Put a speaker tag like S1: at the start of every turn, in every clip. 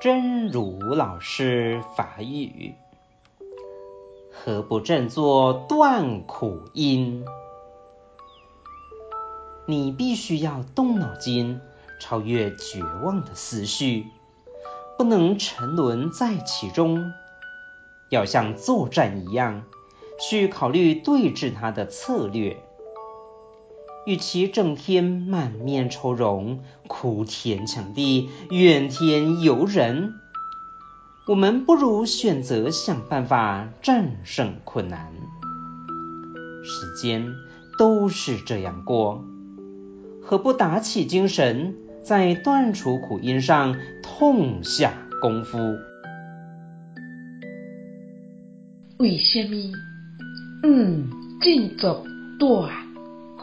S1: 真如老師法語，何不振作斷苦因？你必須要動腦筋，超越絕望的思緒，不能沉淪在其中，要像作戰一樣，去考慮對治它的策略。與其整天滿面愁容、哭天搶地、怨天尤人，我們不如選擇想辦法戰勝困難。時間都是這樣過，何不打起精神，在斷除苦因上痛下功夫？
S2: 為什麼？嗯，正作斷。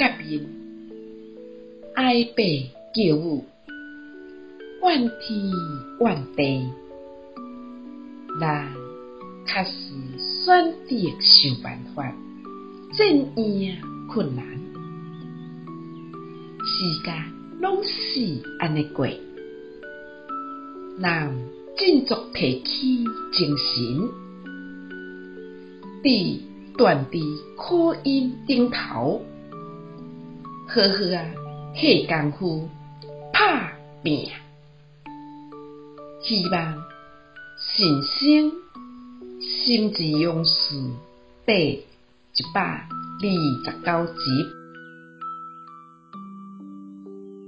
S2: 革命，哀悲覺悟，怨天怨地，是難確實選擇想辦法，戰勝困難，時間攏是安尼過，何不振作提起精神，佇斷除苦因頂頭。呵呵啊，下功夫，拍拼。希望新生，心之勇士，第一百二十九集。